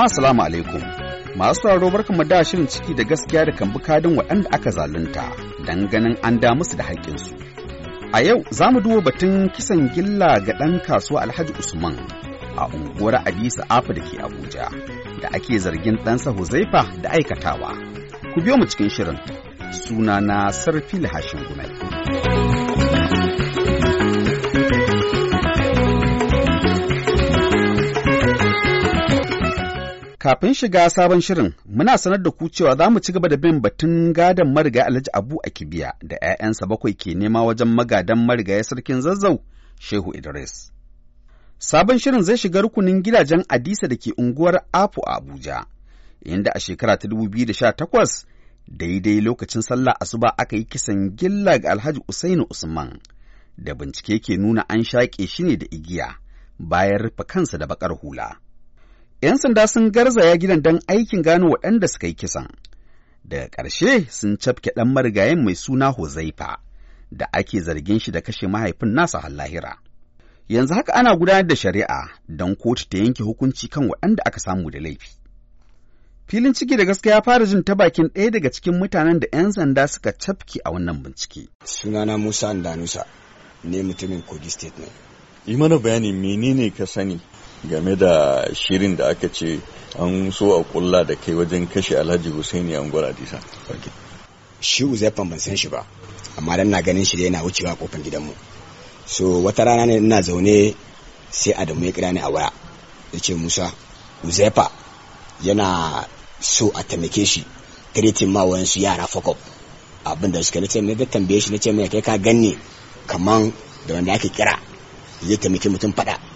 jama'a salamu alaikum masu sauraro barkanmu da shirin ciki da gaskiya da kan kadin waɗanda aka zalunta dan ganin an da musu da haƙƙinsu a yau za mu duba batun kisan gilla ga ɗan kasuwa alhaji usman a unguwar adisa afa da ke abuja da ake zargin ɗansa huzaifa da aikatawa ku biyo mu cikin shirin sunana sarfi hashin gumai Kafin shiga sabon shirin, muna sanar da ku cewa za mu ci gaba da bin batun gadon mariga Alhaji Abu a Kibiya da ‘ya'yansa bakwai ke nema wajen magadan marigaya sarkin zazzau Shehu Idris. Sabon shirin zai shiga rukunin gidajen Adisa da ke unguwar Afu a Abuja, inda a shekara ta dubu biyu takwas daidai lokacin sallah asuba aka yi kisan gilla ga Alhaji Usainu Usman, da bincike ke nuna an shaƙe shi ne da igiya bayan rufe kansa da baƙar hula. ‘Yan sanda sun garzaya gidan don aikin gano waɗanda suka yi kisan. Daga ƙarshe sun cafke ɗan marigayen mai suna Hozaifa da ake zargin shi da kashe mahaifin nasa hallahira. Yanzu haka ana gudanar da shari'a don kotu ta yanke hukunci kan waɗanda aka samu da laifi. Filin ciki da gaskiya ya fara jin ta bakin ɗaya daga cikin mutanen da 'yan sanda suka cafke a wannan bincike. Sunana Musa Andanusa ne mutumin Kogi State ne. Yi mana bayani menene ka sani game da shirin da aka ce an so a kulla da kai wajen kashe alhaji husaini an gwara disa shi uzefan ban san shi ba amma dan na ganin shi da yana wucewa kofin gidanmu so wata rana ne ina zaune sai adamu ya kira ni a waya ya ce musa uzaifa yana so a taimake shi kiritin ma wayansu yara fokop abinda da suka nace mai da tambaye shi nace mai kai ka ganni kaman da wanda ake kira zai taimake mutum fada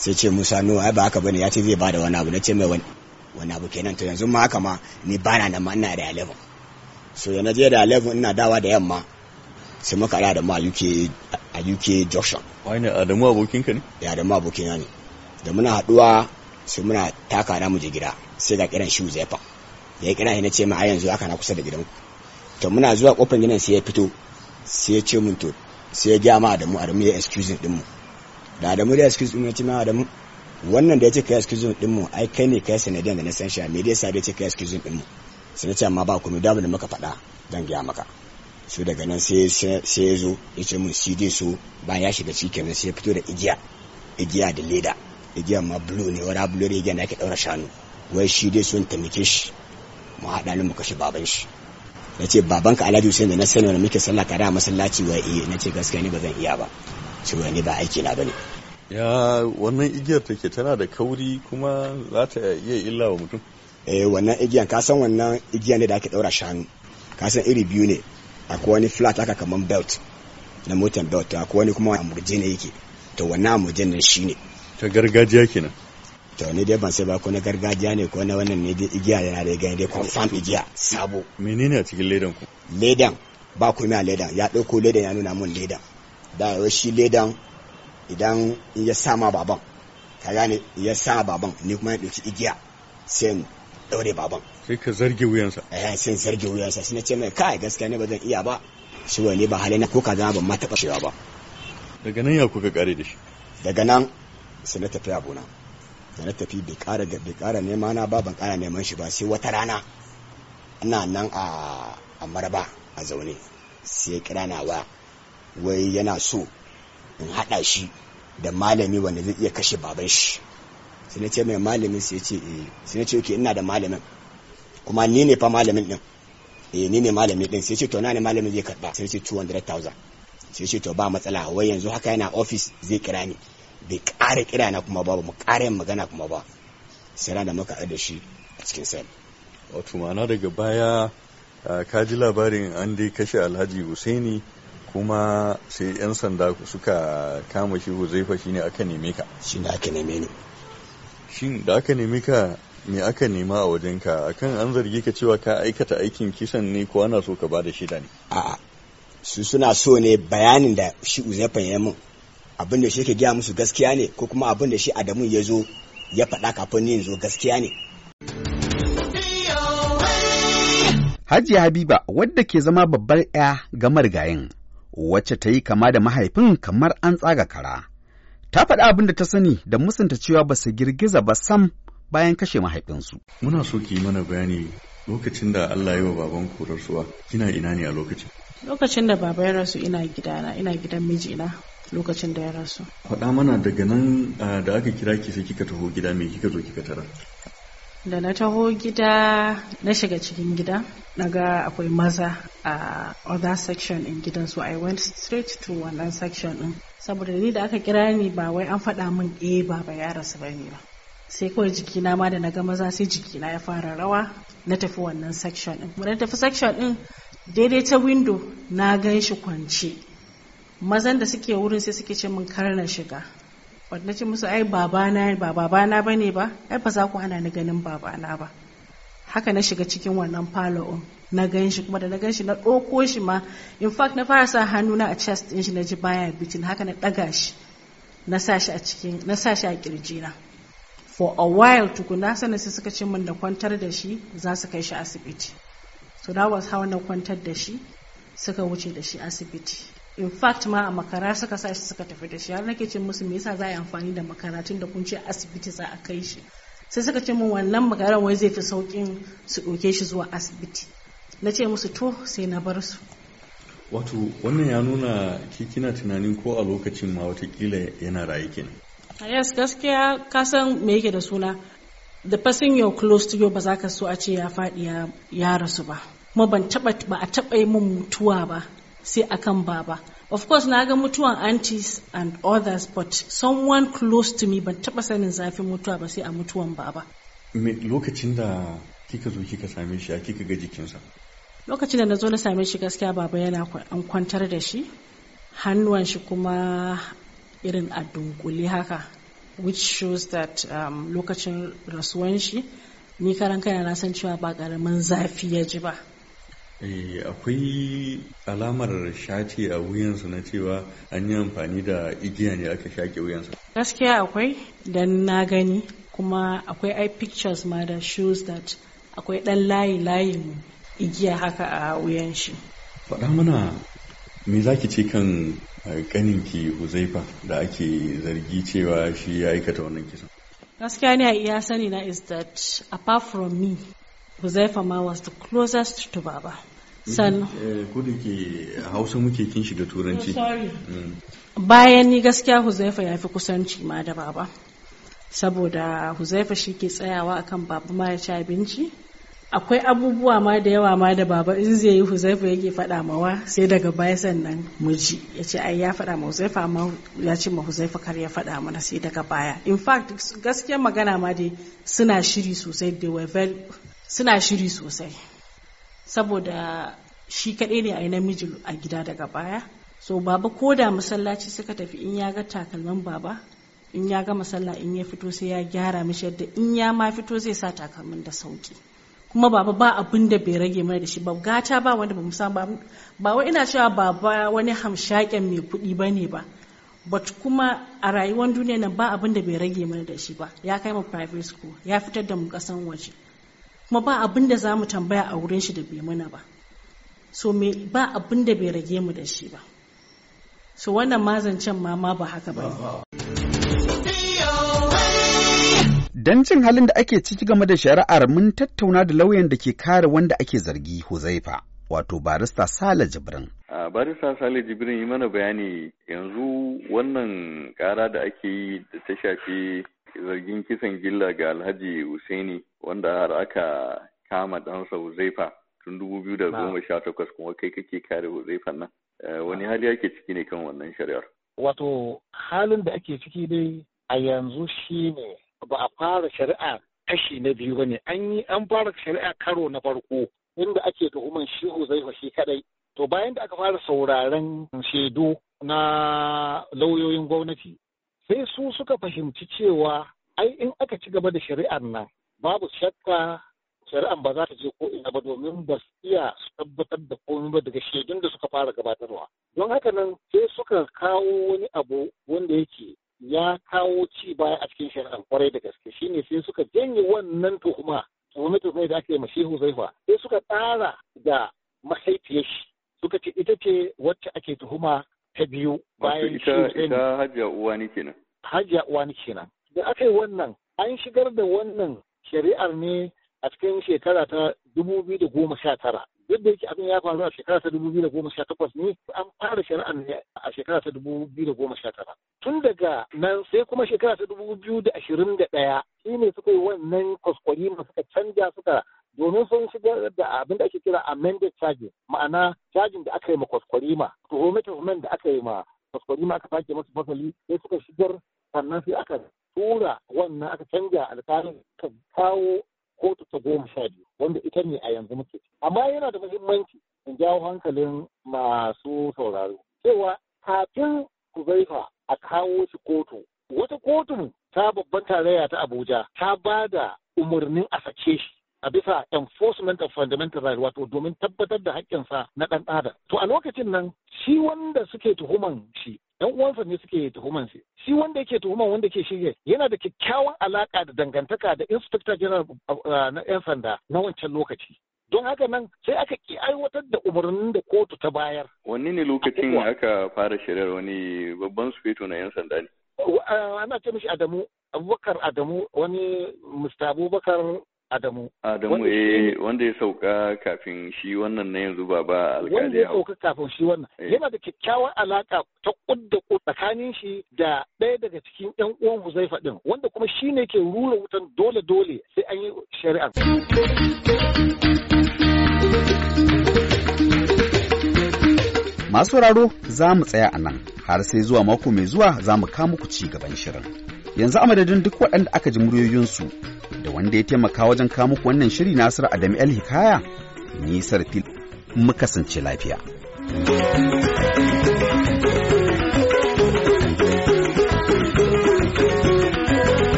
sai ce musa no ai ba haka bane ya ce zai bada wani abu na ce mai wani wani abu kenan to yanzu ma haka ma ni ba nan ma ina da 11 so yana je da 11 ina dawa da yamma sai muka da ma UK a UK junction wani Adamu abokin ka ne ya Adamu ya ne da muna haduwa sai muna taka na mu je gida sai ga kiran shi Uzaifa da ya kira shi ce ma a yanzu haka na kusa da gidanku to muna zuwa kofar gidan sai ya fito sai ya ce mun to sai ya gya ma Adamu Adamu ya excuse din mu da adamu da excuse din ci adamu wannan da ya ce kai excuse din mu ai kai ne kai sanadin da na san shi me dai sa da ya ce kai excuse din mu sai ce amma ba ku da da muka faɗa zan gaya maka su daga nan sai sai ya zo ya ce mun CD so bayan ya shiga cikin nan sai ya fito da igiya igiya da leda igiya ma blue ne bulu blue igiya na ake daura shanu wai shi dai sun taimake shi mu haɗa ni mu kashe baban shi na ce babanka alhaji hussein da na sani wani muke sallah tare a masallaci wa iya eh. na ce gaskiya ne ba zan iya ba cewa ne ba aiki na bane ya wannan igiyar take tana da kauri kuma za ta iya illa wa mutum eh wannan igiyar ka san wannan igiyar ne da ake daura shanu ka san iri biyu ne akwai wani flat haka kaman belt na motan belt akwai wani kuma amurje ne yake to wannan amurje ne shine ta gargajiya kenan to ni dai ban sai ba ko na gargajiya ne ko na wannan ne dai igiya yana da gani dai confirm igiya sabo menene a cikin ledan ku ledan ba ku a ledan ya dauko ledan ya nuna mun ledan da rashi ledan idan ya sama baban ka gane ya sama baban ni kuma ya ɗauki igiya sai ɗaure baban sai ka zarge wuyansa eh sai zarge wuyansa sai na ce mai kai gaskiya ne ba zan iya ba shi wani ba halina ko ka zama ban ma taɓa cewa ba daga nan ya kuka kare da shi daga nan sai na tafi abuna da na tafi bai ƙara da bai ƙara nema na ba ban ƙara neman shi ba sai wata rana ina nan a maraba a zaune sai kira na waya wai yana so in haɗa shi da malami wanda zai iya kashe baban shi sai na ce mai malamin sai ce eh sai na ce ke ina da malamin kuma ni ne fa malamin din eh ni ne malamin din sai ce to na ne malamin zai karba sai ce 200,000 sai ce to ba matsala wai yanzu haka yana office zai kira ni bai ƙara kira na kuma ba mu ƙara yin magana kuma ba sai na da muka da shi a cikin sel wato ma'ana daga baya ah, ka ji labarin an dai kashe alhaji husaini kuma sai 'yan sanda suka kama shi huzaifa ne aka neme ka shi ne aka neme ni shin da aka neme ka me aka nema a wajen ka kan an zargi ka cewa ka aikata aikin kisan ne ko ana so ka ba da shida ne a'a su suna so ne bayanin da shi huzaifa ya mun abin da shi ke gaya musu gaskiya ne ko kuma abin da shi adamu ya zo ya faɗa kafin yin zo gaskiya ne Hajiya Habiba wadda ke zama babbar 'ya ga marigayin wacce ta yi kama da mahaifin kamar an tsaga kara. Ta faɗi abin da ta sani da musanta cewa ba su girgiza ba sam bayan kashe mahaifinsu. Muna so ki mana bayani lokacin da Allah ya wa baban korarsuwa kina ina ne a lokacin? Lokacin da baba ya rasu ina gidana ina gidan mijina lokacin da ya rasu. Faɗa mana daga nan ah, da aka kira ki sai kika taho gida me kika zo kika tara? da na taho gida na shiga cikin gida naga akwai maza a other section in gidan so i went straight to wannan section din saboda ni da aka kira ni ba wai an faɗa min eh ba ba ya rasu ba ne ba sai kawai jikina ma da ga maza sai jikina ya fara rawa na tafi wannan section din na tafi section din daidai ta window na gan shi kwance mazan da suke wurin sai suke ce min kar na shiga wadda ce musu ai babana ba babana ba ne ba ai ba za ku hana ni ganin babana ba haka na shiga cikin wannan falo'in na gan shi kuma da na gan shi na ɗoko shi ma in fact na fara sa hannuna a chest ɗin shi na ji baya bitin haka na ɗaga shi na sa shi a cikin na sa shi a for a while tukuna sannan sai suka ce min da kwantar da shi za su kai shi asibiti so that was how na kwantar da shi suka wuce da shi asibiti in fact ma a makara suka sa shi suka tafi da shi har nake ce musu me yasa za a yi amfani da makara tun da kun ce asibiti za a kai shi sai suka ce min wannan makaran wai zai fi saukin su ɗauke shi zuwa asibiti na ce musu to sai na bar su wato wannan ya nuna kina tunanin ko a lokacin ma watakila yana raye kenan yes gaskiya ka san me yake da suna the person you close to you ba za ka so a ce ya faɗi ya rasu ba kuma ban taɓa ba a taɓa yi min mutuwa ba sai a kan baba of course na ga mutuwan aunties and others but someone close to me ban taba sanin zafin mutuwa ba sai a mutuwan baba Me lokacin da kika zo kika same shi a kika ga jikinsa lokacin da na zo na same shi gaskiya baba yana an kwantar da shi hannuwan shi kuma irin a dunkule haka which shows that um, lokacin rasuwan shi ni karan kai na san cewa ba karamin zafi ya ji ba Eh, akwai alamar shati a wuyansu na cewa an yi amfani da igiya ne aka shaƙe wuyansu. gaskiya akwai dan na gani kuma akwai eye pictures ma da shows that akwai dan layi layi igiya haka a wuyan shi faɗa mana me zaki ki ce kan eh, ki huzaifa da ake zargi cewa shi ya aikata wannan kisan gaskiya ne a iya sani na is that apart from me Huzaifa ma was the closest to Baba. San. Mhm. Eh, Kudi da ke Hausa muke kin shiga Turanci. Oh, mm. Bayan ni gaskiya Huzaifa ya fi kusanci ma da Baba. Saboda Huzaifa shi ke tsayawa akan Baba ma ya ci abinci. Akwai abubuwa ma da yawa ma da Baba in zai yi Huzaifa yake faɗa mawa sai daga baya sannan mu ji. Ya ce ai ya faɗa ma Huzaifa amma ya ce ma Huzaifa kar ya faɗa mana sai daga baya. In fact gaskiya magana ma dai suna shiri sosai they were very suna shiri sosai saboda shi kaɗai ne a yi namiji a gida daga baya so baba ko da masallaci suka tafi in ya ga takalman baba in ya ga masalla in ya fito sai ya gyara mishi yadda in ya ma fito zai sa takalmin da sauki kuma baba ba abin da bai rage mana da shi ba gata ba wanda ba musa ba ba ina cewa baba wani hamshaken mai kuɗi ba ne ba but kuma a rayuwar duniya nan ba abin da bai rage mana da shi ba ya kai ma private school ya fitar da mu kasan waje kuma ba abin da za mu tambaya a wurin shi da bai muna ba so me ba abin da bai rage mu da shi ba so wannan mazancen ma ma ba haka ba Dan cin halin da ake ciki game da shari'ar mun tattauna da lauyan da ke kare wanda ake zargi Huzaifa wato barista Sale Jibrin. barista Sale Jibrin yi mana bayani yanzu wannan kara da ake yi da ta shafi zargin kisan gilla ga Alhaji Hussaini wanda har aka kama ɗansa Huzaifa tun takwas kuma kai kake kare Huzaifa nan. Eh, wani hali ake ciki ne kan wannan shari'ar? Wato halin da ake ciki dai a yanzu shi ne ba a fara shari'a kashi na biyu ba ne an yi an fara shari'a karo na farko inda ake tuhuman shi Huzaifa shi kadai. To bayan da aka fara sauraren shaidu na lauyoyin gwamnati sai su suka fahimci cewa ai in aka ci gaba da shari'ar nan babu shakka shari'ar ba za ta je ko ina ba domin ba su iya su tabbatar da komai ba daga shaidun da suka fara gabatarwa don haka nan sai suka kawo wani abu wanda yake ya kawo ci baya a cikin shari'ar kwarai da gaske shine sai suka janye wannan tuhuma tuhuma tuhuma da ake mashihu zaifa sai suka tsara da mahaifiyar shi suka ce ita ce wacce ake tuhuma ta biyu bayan shi ita hajiya uwa ni kenan hajiya uwa ni kenan da aka yi wannan an shigar da wannan shari'ar ne a cikin shekara ta dubu biyu da goma sha tara duk da yake abin ya faru a shekara ta dubu biyu da goma sha takwas ne an fara shari'ar ne a shekara ta dubu biyu da goma sha tara tun daga nan sai kuma shekara ta dubu biyu da ashirin da ɗaya shi ne suka yi wannan kwaskwari suka canja suka domin sun shigar da abin da ake kira amended charging ma'ana cajin da aka yi ma kwaskwarima tuhume tuhumen da aka yi ma kwaskwarima aka sake masu fasali sai suka shigar sannan sai aka tura wannan aka canja alƙalin ka kawo kotu ta goma sha biyu wanda ita ne a yanzu muke amma yana da muhimmanci in jawo hankalin masu sauraro cewa kafin ku zaifa a kawo shi kotu wata kotun ta babban tarayya ta abuja ta ba da umarnin a sake shi a bisa enforcement of fundamental rights wato domin tabbatar da haƙƙinsa na ɗan adam to a lokacin nan shi wanda suke tuhuman shi ɗan uwansa ne suke tuhuman shi shi wanda yake tuhuman wanda ke shige yana da kyakkyawan alaƙa da dangantaka da inspector general uh, na yan sanda na wancan lokaci don haka nan sai aka ki aiwatar da umarnin da kotu ta bayar wanne ne lokacin aka fara shirar wani babban sufeto na yan sanda ne uh, ana ce mishi Adamu Abubakar Adamu wani Mr. Abubakar Adamu. Adamu eh wanda ya sauka kafin shi wannan na yanzu ba ba alƙali Wanda ya sauka kafin shi wannan. Eh. Yana da kyakkyawar alaƙa ta kudda tsakanin shi da ɗaya daga cikin ƴan uwan Huzaifa ɗin wanda kuma shi ne ke rura wutan dole dole sai an yi shari'a. Masu sauraro za mu tsaya a nan har sai zuwa mako mai zuwa za mu kama muku ci gaban shirin. yanzu a madadin duk waɗanda aka ji muryoyinsu da wanda ya taimaka wajen kawo muku wannan shiri Nasiru Adamu El Hikaya ni Sarfil muka kasance lafiya.